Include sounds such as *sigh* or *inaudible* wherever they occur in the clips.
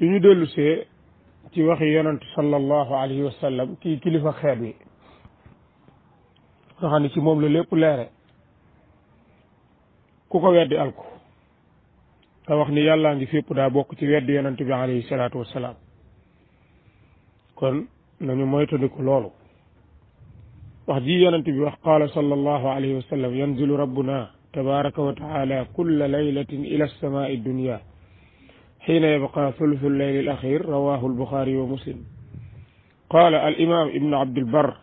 ñu dellusee ci waxi yonentu sallallahu alayhi wa kii kilifa xeet wi nga xam ci moom la lépp leere ku ko weddi alku te wax ni yàllaa ngi fépp daa bokk ci weddi yonent bi alayhi salaatu wasalaam kon nañu moytandiku loolu wax ji yonent bi wax qaala sallallahu alayhi wa sallam yanzilu rabbuna tabaraka wa taala kulla ila alsamaai dunia xiina yabqa thuluthu llayli al axir rawahu albuxaari wa muslim qaala al imam ibnu abdilbar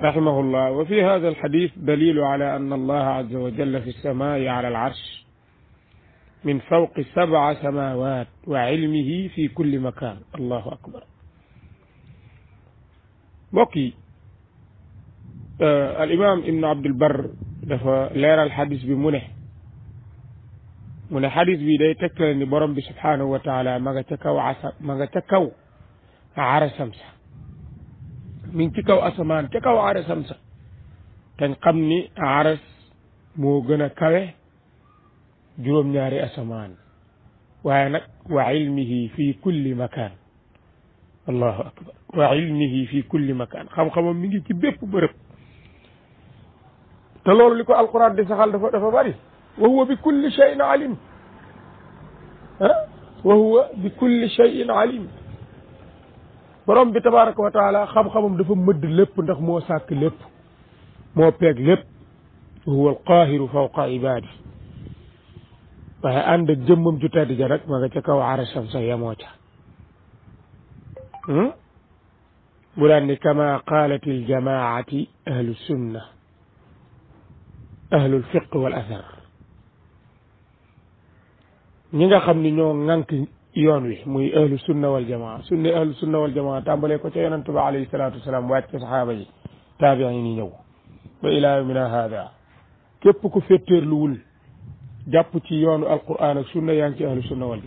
rahimahu llah wa fi hada alxadis dalilu ala anna allaha azza wa jalla fi lsamai ala alarsh min fawqi sabaa samawat wa ilmihi fi kulli makan allahu akbar mbokk yi euh, al imam ibnu abdilbar dafa leeral xadis bi mu ne mu ne xadis bi day tegtale ni borom bi subhaanahu wa taala ma nga ca kaw asa ma nga ca kaw arasam sa mi ngi ci kaw asamaan ca kaw arasam sa te xam ni aras moo gën a kawe juróom-ñaari asamaan waaye nag wa ilmihi fi kulli makaan allahu akbar wa ilmihi fi kulli makaan xam-xamam mi ngi ci bépp bërëb te loolu li ko alquran di saxal dafa dafa bari wa huwa bi kulli shay'in alim wa huwa bi kulli shay'in alim borom bi tabaraka wa taala xam-xamam dafa mëdd lépp ndax moo sàkk lépp moo peeg lépp wa huwa alqaahiru fawqa ibaadi waaye ànd ak jëmmam ju tedd ja nag ma nga ca kaw arasam sa yemoo ca bu hmm? daan ni kama qaalat iljamaati ahlu sunna ahlu lfiq wal athar ñi nga xam ni ñoo ŋànk yoon wi muy ahlu sunna wal jamaa sunni ahlu sunna wal jamaa tàmbalee ko ca yonent ba alayhi ca saxaaba yi taabiin yi ñëw ba ilaa yawmina haada képp ku féttéerluwul jàpp ci yoonu alquran ak sunna yaa ngi ci ahlu sunna wal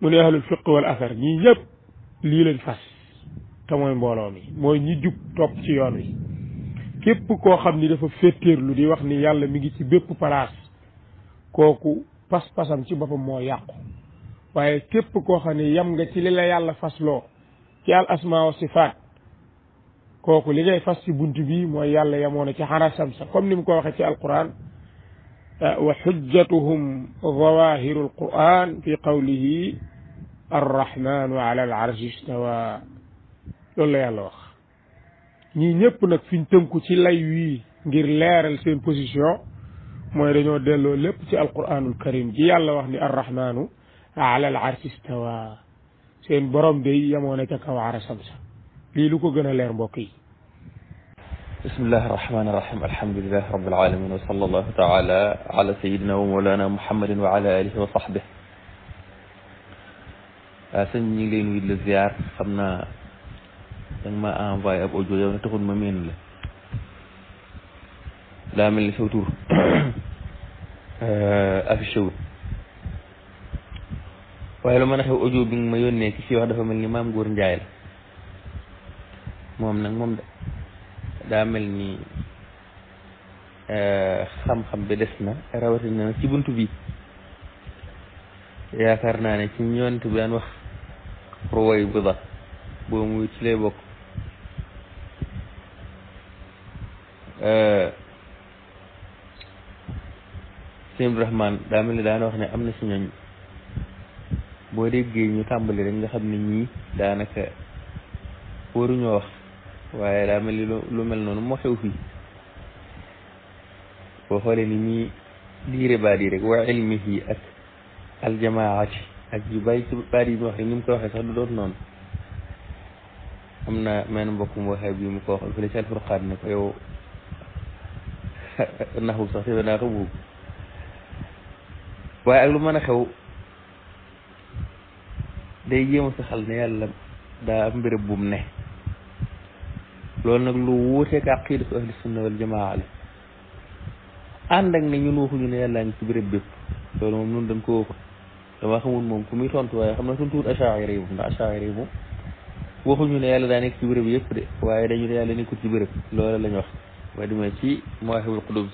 mu ne ahlul fiq wal athar ñii ñëpp lii lañ fas te mbooloo mi mooy ñi jub topp ci yoon wi képp koo xam ni dafa féttéerlu di wax ni yàlla mi ngi ci bépp place kooku pas-pasam ci boppam moo yàqu waaye képp koo xam yam nga ci li la yàlla fasloo ci al asmaa wa sifaat kooku li ngay fas ci bunt bi mooy yàlla yamoon ci xarasam sa comme ni mu ko waxee ci alquran wa xujjatuhum zawahiru alquran fi qawlihi arrahmanu ala al arshi stawa loolu la yàlla wax ñii ñëpp nag fiñ tënku ci lay wii ngir leeral seen position mooy dañoo delloo lépp ci alquranul karim ji yàlla wax ni arrahmanu ala al arshi stawa seen borom day yemoo na ca kaw arasam sa lii lu ko gën a leer mbokk yi bismillahi arrahmani irrahim alhamdulilahi rabbil alamin wa sallallahu taala ala sayidina wa mawlana muhammadin wa ala alihi wa sahbih waaw sëñ ñi ngi lay nuyu di la ziar xam naa danga ma envoyé ab audio yow ne taxul ma meen la daa mel ni saw tur affiché waaye lu mën a xew audio bi nga ma yónnee ki si wax dafa mel ni maam góor njaay la moom nag moom daa mel ni xam-xam bi des na rawatina nag ci bunt bi yaakaar naa ne ci ñoont bi daan wax ruway bu da boo muy ci lay bokk sëñ Rahman daa mel ni daana wax ne am na si ñooñ boo déggee ñu tàmbali rek nga xam ne ñii daanaka waruñoo wax waaye daa mel ni lu mel noonu moo xew fii boo xoolee ni ñuy diire baat yi rek wa ilmihi ak aljamaati ak yu bàyyi ci baat yi mu wax rek ni mu ko waxee sax du doon noonu am na menn mbokk mu waxee bi mu ko waxal fële ci alfurqaan ne ko yow *laughs* naxul sax te naa ko buub waaye ak lu mën a xew day jéem sa xel ne yàlla daa am mbirëb bu mu ne loolu nag lu wuuteeg aqidatu ahli sunna wal jamaa la ànd ak ne ñun waxuñu ne yàlla ngi ci béréb bépp loolu moom nun dañ ko moom muy tontu waaye xam na suñ tuut achaira yi moom waxuñu ne yàlla daa nekk ci bërëb yëpp de waaye dañu ne yàlla nekkul ci béréb loolu lañu wax waaye dima ci mawahibul qudus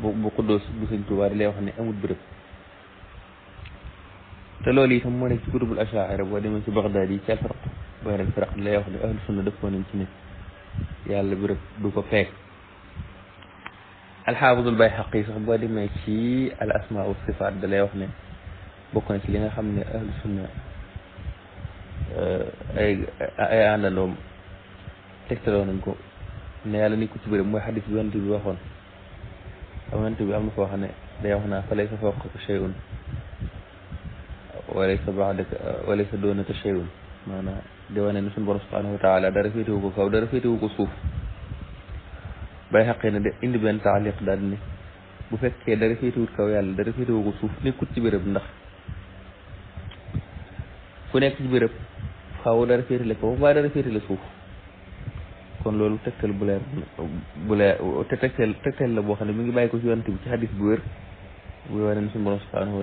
bu bu xuddoos bu sëñ Tuubaa di lay ne amul bërëb te loolu itam moo nekk ci kutubul ashaira boo demee ci Bagdaad yi ci alfarq booy lay wax ne ahlu sunna dëppoo nañ ci ne yàlla bërëb du ko feek alxaafidul Bayhaqi sax boo demee ci al asmaa wa sifaat wax ne bokk na ci li nga xam ne ahlu sunna eh, ay ay àndandoom tegtaloo nañ ko ne yàlla ni ko ci bërëb mooy xadis bi waxoon xamante bi am na foo xam ne day wax naa fa laysa fawqaka shay'un walaysa ba'daka walaysa doonaka shay'un maanaam di wane ne suñu borom subhanahu wa taala dara féetewu ko kaw dara féetewu ko suuf bay xaqee ne de indi benn taaliq daal ni bu fekkee dara féetewut kaw yàlla dara wu ko suuf nekkut ci béréb ndax ku nekk ci béréb xaw dara féetale kaw mbaa dara féetale suuf kon loolu tegtal bu leer bu leer te tegtal la boo xam ne mu ngi bàyyi ko ci yonent bi ci xadis bu wér bu wane ne suñu borom subhanahu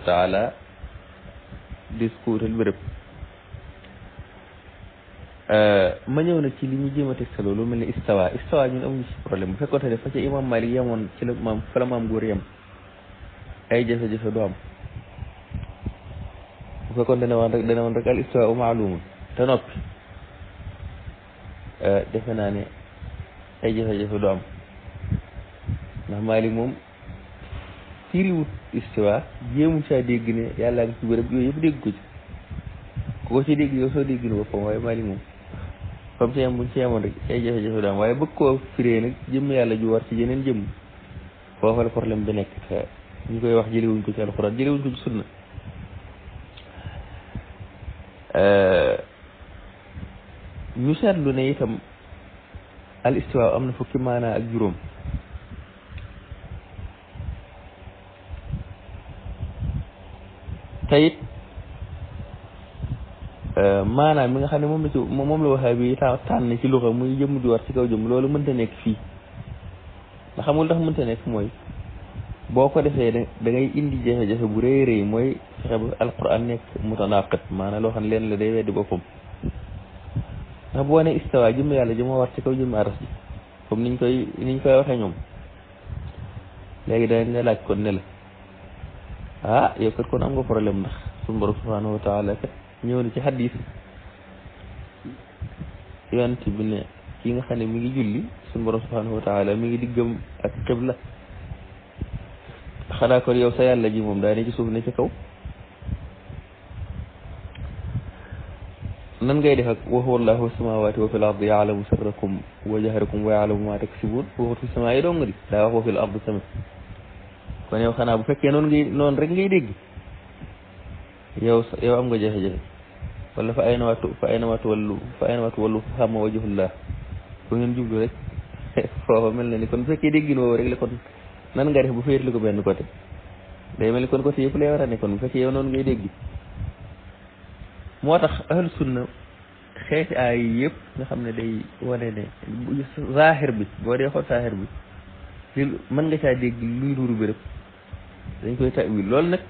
euh, ma ñëw nag ci li ñu jéem a tegtal loolu mel ni istawa istawa ñun amuñu ci bu fekkoon ne fa am bu fekkoon dana woon rek dana woon rek al te noppi Eh, defe naa ne ay jafe-jafe du am ndax Maalik moom firiwut istiwa jéemu saa dégg ne yàlla ngi ci bërëb yooyu yëpp dégg ko ci ku ko ci dégg yow soo dégg ne boppam waaye Maalik moom comme ci yam buñ ci yemoon rek ay jafe-jafe du am waaye bëgg koo firee nag jëmm yàlla ju war ci yeneen jëmm foofa la problème bi koy wax jëlewuñ ko ci alxuraan ñu seetlu ne itam al istiwa am na fukki maanaa ak juróom tayit euh, maanaam mi nga xam ne moom la ci moom la waxee bi ta tànn ci luxa muy jëmm ju ci kaw jëm loolu mënta nekk fii na xamul ndax mënta nekk mooy boo ko defee da ngay indi jafe-jafe bu rëy rëy mooy fexe ba alquran nekk mutanaqat maanaam loo xam ne leen la day di boppam ndax bu wane istawa jëmm yàlla ji moo war ci kaw jëmm aras ji comme niñ koy niñ koy waxee ñoom léegi danañ la laaj kon ne la ah yow kat nga problème na suñu borom subhanahu wa taala kat ñëw na ci xadis yonent bi ne kii nga xam ne mi ngi julli suñu borom subhanahu wa taala mi ngi diggam ak xibla xanaa kon yow sa la ji moom daa ne ci suuf ne ci kaw nan ngay def ak wa huwa allahu fi samawati wa fil ardi yaalamu sirrakum wa jahrakum wa yaalamu ma taksibun waxut fi samaa yi dong di daa wax wa fil ardi tamit kon yow xanaa bu fekkee noonu ngay noonu rek ngay dégg yow yow am nga jafe-jafe wala fa ayna watu fa ayna watu wallu fa ayna watu wallu fa xamma wajhullah bu ngeen jublu rek *laughs* foofa mel na ni kon bu fekkee déggin woowu rek la kon nan nga def bu féetli ko benn côté day mel ni kon côté yëpp lay war a ne kon bu fekkee yow noonu ngay dégg moo tax ahlu na xeeti aay yëpp nga xam ne day wane ne zaahir bi boo dee xool zaahir bi li mën nga caa dégg luy nuru bërëb dañ koy tawil loolu nag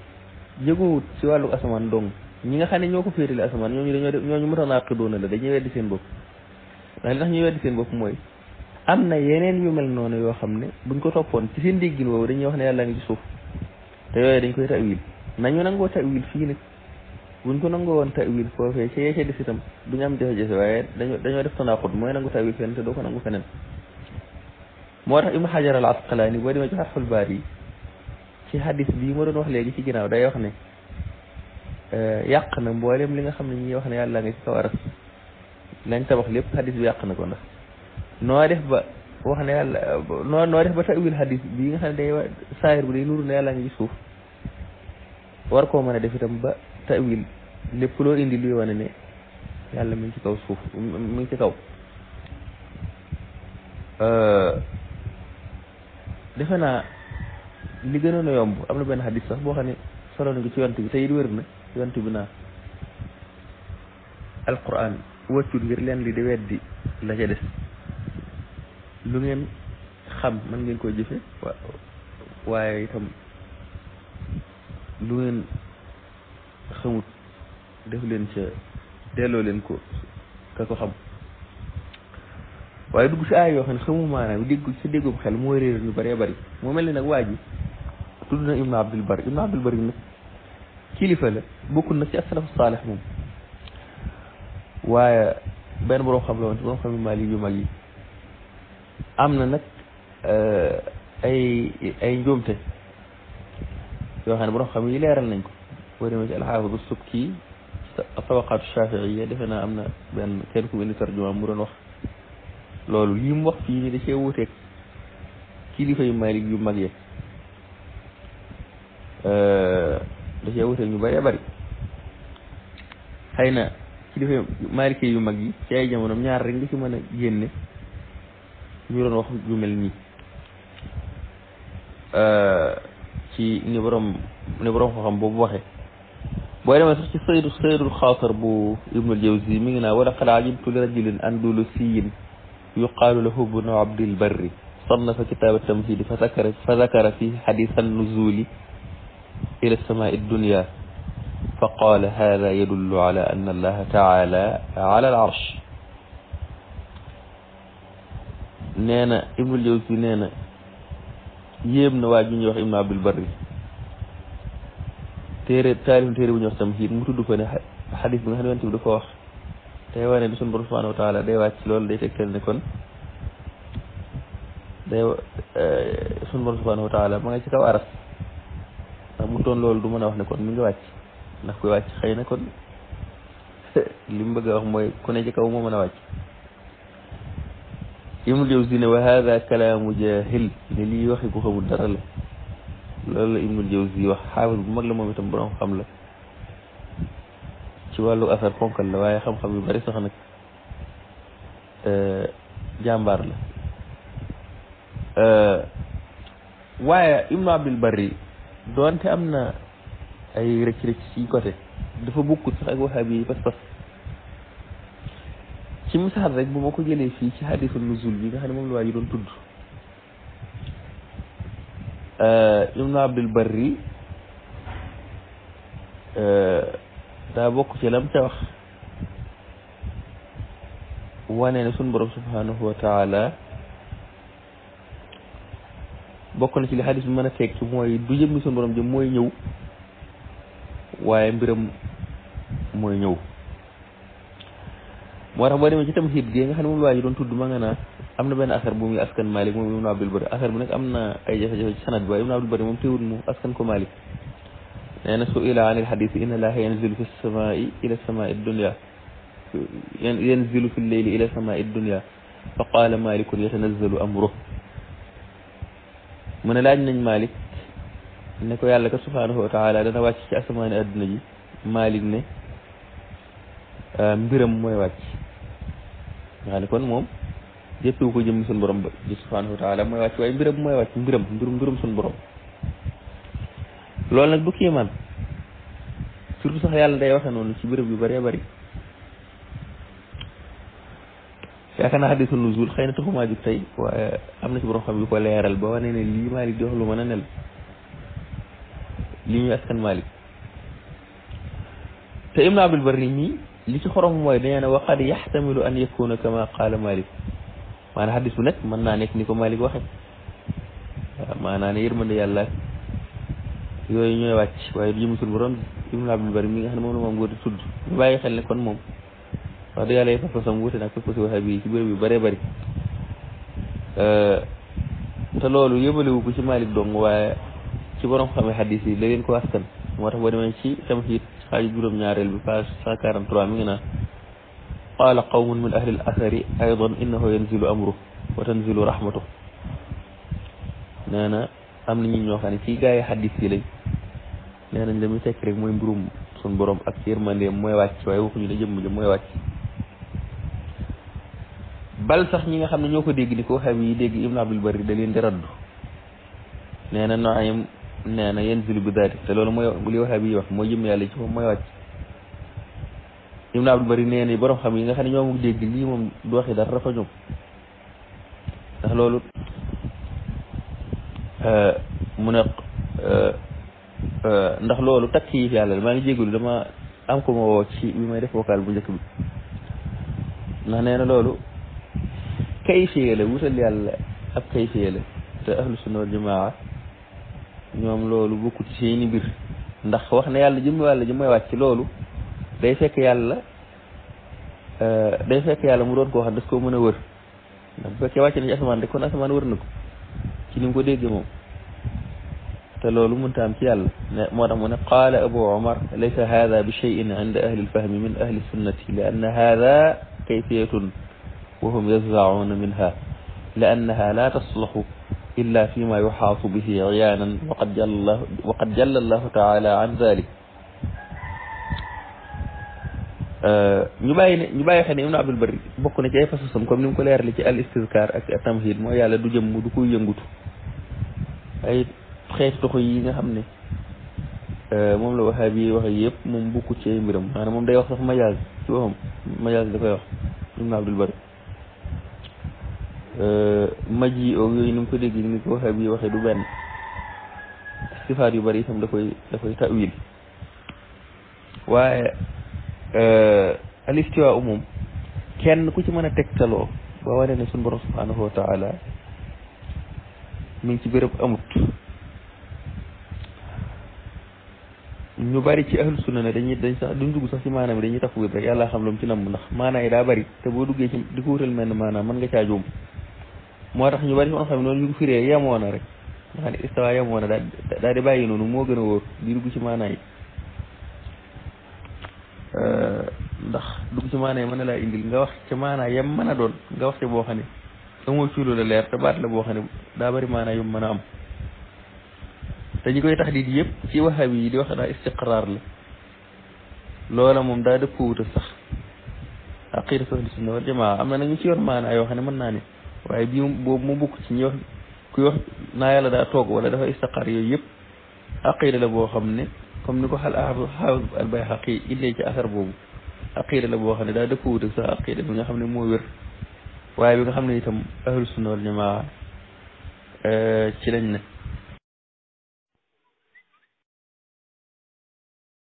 jëgoowut ci wàllu asamaan dong ñi nga xam ne ñoo ko féetale asamaan ñooñu dañoo ñooñu mutanaaqidoona la dañuy weddi seen bopp ndax li tax ñuy weddi seen bopp mooy am na yeneen yu mel noonu yoo xam ne buñ ko toppoon ci seen déggin woowu dañuy wax ne yàlla ngi ci suuf te yooyu dañ koy tawil nañu nangoo tawil buñ ko nangu woon tawil foofee ca yee ca des itam duñu am jafe dañoo dañoo def tanaaxut mooy nangu tawil fenn te doo ko nangu feneen moo tax ibnu xajar al asqalaani boo demee ci xarxul baar yi ci hadis bii ma wax léegi ci ginnaaw day wax ne eh, yàq na mboolem li nga xam ne ñi wax ne yàlla nga ci kaw aras lañ lépp hadis bi yàq na ko ndax def ba wax ne yàlla noo noo def ba tawil hadis bii nga xam ne day saahir bu day nuru ne yàlla nga ci suuf war koo mën a def itam ba tawil lépp loo indi luy wane ne yàlla mu ci kaw suuf mu ngi ci kaw euh, defe naa li gënoon a yomb am na benn xadis sax boo xam ne solo nga ci yont bi te it wér na yont bi naa alquran wàccul ngir leen li di weddi la ca des lu ngeen xam man ngeen koy jëfe waaye itam lu ngeen xamut def leen ca delloo leen ko ka ko xam waaye dugg si aay yoo xam ne xamu maanaam dégg sa déggum xel mooy réer ñu bëree bëri moo mel ni nag waa ji tudd na Ibn Abdul Bar Ibn Abdul Bar nag kilifa la bokkul nag ci as-salaf saalih moom waaye benn borom xam la woon ci borom xam Maalik yu mag yi am na nag euh, ay ay njuumte yoo xam ne borom xam yi leeral nañ ko boo demee ci alxaafidu subki tabaqaatu shafiiya defe naa am na benn kenn ku indi tarjumaam mu doon wax loolu li mu wax fii nii da cee wuuteeg kilifa yu malik yu mag yëpp ñu bëree bëri xëy na kilifa maalike yu mag yi ci ay jamonoom ñaar rek nga ci mën a génne ñu doon wax ju mel nii ci ni borom ni borom ko xam boobu waxee booy demee sax ci saydu saydul xaatar bu ibnul jawzi mi ngi naa wala qad ajibtu li rajulin andalusiyin yuqaalu lahu ibnu abdil barri sannafa kitaaba tamhidi fa zakara fa zakara fi xadisa nuzuli ila samaai dunia fa qaala hada yadullu ala an allaha taala ala al arsh nee na ibnul jawzi nee na yéem na waa ji ñuy wax ibnu abdul barri téere taalif téere bu ñu wax tamhiid mu tudd ko ne xadis bi nga xam ne yonent bi ko wax day wane ne sunu borom subhanahu wa day wàcc loolu day tegtal ne kon day sunu borom subhanahu wa eh, ci kaw aras ndax mu toon loolu du mën a wax ne kon mi ngi wàcc ndax koy wàcc xëy na kon *laughs* li mu bëgg a wax mooy ku ne ci kaw moo mën a mu Ibnu Jawzi ne wa hada kalaamu jaahil ne lii waxi ku dara la loolu la Ibnul Jawzi wax xaafis bu mag la moom itam borom xam la ci wàllu asar ponkal la waaye xam-xam yu bari sax nag euh, jàmbaar la euh, waaye Ibnu Abdul bari doonte am na ay rëcc-rëcc ci côté dafa bokkut sax ak waxaab yi pas-pas ci misaal rek bu ma ko jëlee fii ci xadiisu nuzul bi nga xam ne moom la waa ji doon tudd Euh, ibnu abdul barri euh, daa bokk ci lam ca wax wane ne sunu borom subhanahu wa taala bokk na ci li xadis bi mën a teg ci mooy du jëmmi sunu borom jëm mooy ñëw waaye mbiram mooy ñëw moo tax demee ci tamxiit gi nga xam ne moom waa ji doon tudd ma nga naa am na benn asar bu muy askan Malik moom Ibn Abdul Bari asar bi nag am na ay jafe-jafe ci sanad bi waaye Ibn Abdul Bari moom teewul mu askan ko Malik nee su ila anil xadis inna laaha yanzilu fi samaai ila samaai dunya yanzilu fi leyli ila samaai dunya fa qaala malikun yatanazzalu amruh mu ne laaj nañ Malik ne ko yàlla ka subhaanahu wa dana wàcc ci asamaani adduna ji Malik nga xam kon moom jëppewu ko jëm suñ borom ba ji subhanahu wa taala mooy wàcc waaye mbiram mooy wàcc mbiram mbirum mbirum suñu borom loolu nag du kiiman surtout sax yàlla day waxe noonu ci bërëb yu bëree bëri yaakaar naa xadiisu nuzuul xëy na taxumaa jóg tey waaye am na ci borom xam yu ko leeral ba wane ne lii Malick di wax lu mën a nel li ñuy askan Malick te Ibn Abdul Barri ñii li ci xorom mooy dañoo ne waqad yaxtamilu an yakuna kama qaala Malik maanaam xadis bu nekk mën naa nekk ni ko Malik waxe waaw maanaam ne yërmande yàlla yooyu ñooy wàcc waaye du jëmatul borom Ibnu Abdul Bari mi nga xam ne moom la moom góor di tudd ñu bàyyi xel bi ci bërëb yu bëree bëri te loolu yëbalewu ko ci Malik dong waaye ci borom xame xadis yi la leen ko askan moo tax boo demee ci tamit xaaju juróom-ñaareel bi page 143 mi ngi naan qaala qawmun min ahli l athari aydan innahu yanzilu amru wa tanzilu rahmatu nee na am na ñun ñoo xam ne ci gaa yi xaddis yi lañ nee nañ la muy tekk rek mooy mbirum suñ borom ak ci yërmandeem mooy wàcc waaye waxuñu la jëmm jëm mooy wàcc bal sax ñi nga xam ne ñoo ko dégg di ko xam yi dégg Ibn Abdul Bari da leen raddu nee na Naim nee na yanzilu bi te loolu mooy li waxee bi wax mooy jëm yàlla ci moom mooy wàcc Ibn Abdul Bari nee na borom xam yi nga xam ne ñoom dégg lii moom du waxi dara dafa ndax loolu eh, mu ne eh, ndax loolu takk yi yàlla maa ngi jégalu dama am ko ma woo ci may def vocal bu njëkk bi ndax nee na loolu kayfiye la wutal yàlla ab kayfiye la te ahlu sunna wal jamaa ñoom loolu bokkut ci seeni mbir ndax wax na yàlla jëm yàlla ji may wàcc loolu day fekk yàlla euh, day fekk yàlla mu roon ko wax daf ko mën a wër ndax bu fekkee wàcc na ci wër na ko ci ni mu ko moom te loolu mënta am ci yàlla moo tax mu ne qaala abu omar laysa hada bi cheyin inda ahli lfahmi min ahli sunnati li anna hada kayfiyatun wa hum yazrauna minha li annaha la illa fi ma yuxaasu bihi iyaanan waqad jalla waqad jalla allahu taala an zalik ñu bàyyi ne ñu bàyyi xel ne ibnu abdul bari bokk na ci ay fasasam comme ni mu ko leerali ci al istizkar ak tamhid mooy yàlla du jëmm du koy yëngutu ay xeeti toxo yi nga xam ne euh, moom la waxaa bi wax yëpp moom bukku ci ay mbiram maanaam moom day wax sax majaaz ci waxam majaaz da koy wax ibnu abdul bari Euh, maji oog yooyu nu mu ko déggee ni ko waxee bi waxee du benn sifaat yu bari itam da koy da koy tawil waaye euh, al istiwa umum kenn ku ci mën a tegtaloo boo wane ne suñu borom subhanahu wa taala ngi ci béréb amut ñu bari ci ahlu sunna ne dañuy dañ sax duñ dugg sax ci maanaam dañuy tax wér yàlla xam lu ci namm ndax maanaam daa bari te boo duggee ci di ko wutal mel ne maanaam man nga caa moo tax ñu bari ci ma xam noonu ñu ko firee yemoo rek nga di bàyyi noonu moo gën a wóor di dugg ci maanaa yi euh, ndax dugg ci maanaa yi mën na laa indil nga wax ci maanaa yam mën a doon nga wax ca boo xam ne amoo cuulu la leer te baat la boo xam ne daa bari maanaa yu mën a am te ñi koy tax di yëpp ci waxaab yi di wax daa istiqraar la loola moom daa dëppoo wutal sax aqiidatu ahli si wal jamaa am na nag ñu ci yor maanaa yoo xam ne mën naa ne waaye bi boobu mu bukk ci ñi wax kuy wax naa yàlla daa toog wala dafa istaqaar yooyu yëpp aqida la boo xam ne comme ni ko xal xaafis albayhaqi indee ci asar boobu aqida la boo xam ne daa dëppwut ak sax aqida bi nga xam ne moo wér waaye bi nga xam ne itam ahlu sunna wal jamaa eh, ci lañ ne